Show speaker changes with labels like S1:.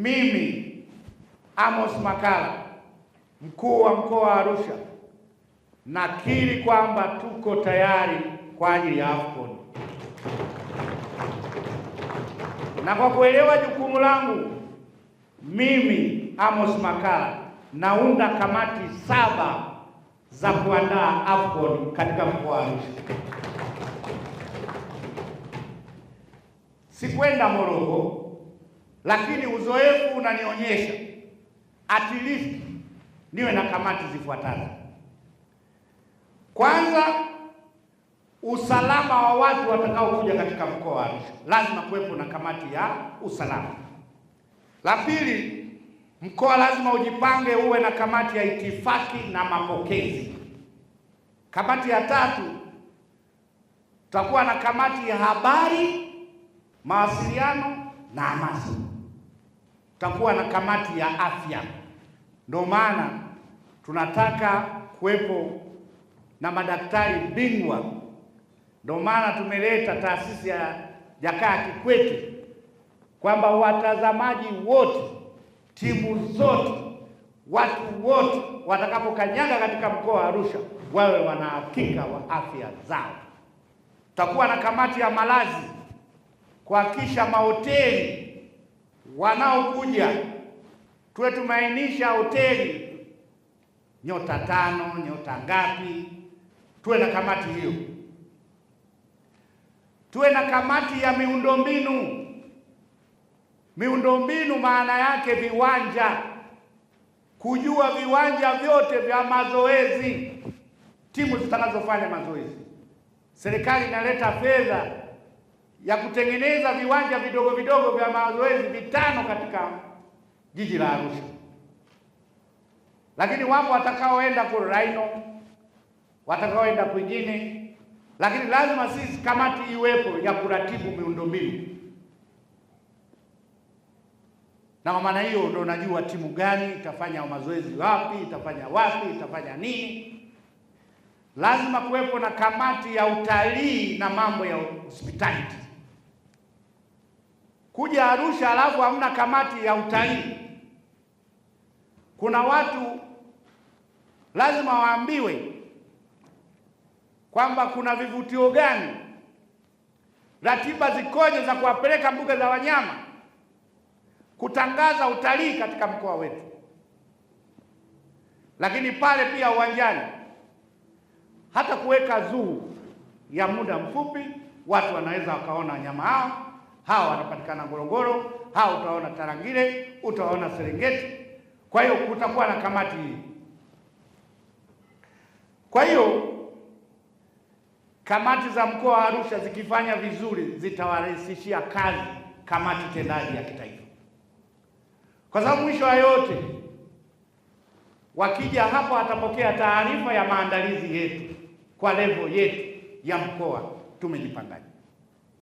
S1: Mimi Amos Makalla, mkuu wa mkoa wa Arusha, nakiri kwamba tuko tayari kwa ajili ya AFCON na kwa kuelewa jukumu langu, mimi Amos Makalla naunda kamati saba za kuandaa AFCON katika mkoa wa Arusha. Sikwenda Moroko lakini uzoefu unanionyesha at least niwe na kamati zifuatazo. Kwanza, usalama wa watu watakaokuja katika mkoa wa Arusha, lazima kuwepo na kamati ya usalama. La pili, mkoa lazima ujipange uwe na kamati ya itifaki na mapokezi. Kamati ya tatu, tutakuwa na kamati ya habari, mawasiliano na hamasa. Tutakuwa na kamati ya afya, ndio maana tunataka kuwepo na madaktari bingwa, ndio maana tumeleta taasisi ya Jakaya Kikwete kwamba watazamaji wote, timu zote, watu wote watakapokanyaga katika mkoa wa Arusha wawe wanahakika wa afya zao. Tutakuwa na kamati ya malazi kuhakikisha mahoteli wanaokuja tuwe tumainisha hoteli nyota tano nyota ngapi, tuwe na kamati hiyo, tuwe na kamati ya miundombinu. Miundombinu maana yake viwanja, kujua viwanja vyote vya mazoezi, timu zitakazofanya mazoezi. Serikali inaleta fedha ya kutengeneza viwanja vidogo vidogo vya mazoezi vitano katika jiji la Arusha, lakini wapo watakaoenda Kuraino, watakaoenda kwingine, lakini lazima sisi kamati iwepo ya kuratibu miundombinu, na kwa maana hiyo ndio najua timu gani itafanya mazoezi wapi, itafanya wapi, itafanya nini. Lazima kuwepo na kamati ya utalii na mambo ya hospitality kuja Arusha alafu hamna kamati ya utalii. Kuna watu lazima waambiwe kwamba kuna vivutio gani, ratiba zikoje za kuwapeleka mbuga za wanyama, kutangaza utalii katika mkoa wetu. Lakini pale pia uwanjani, hata kuweka zuu ya muda mfupi, watu wanaweza wakaona wanyama hao hawa watapatikana Ngorongoro, hawa utaona Tarangire, utaona Serengeti. Kwa hiyo kutakuwa na kamati hii. Kwa hiyo kamati za mkoa wa Arusha zikifanya vizuri zitawarahisishia kazi kamati tendaji ya kitaifa, kwa sababu mwisho wa yote wakija hapo atapokea taarifa ya maandalizi yetu kwa levo yetu ya mkoa tumejipangaje.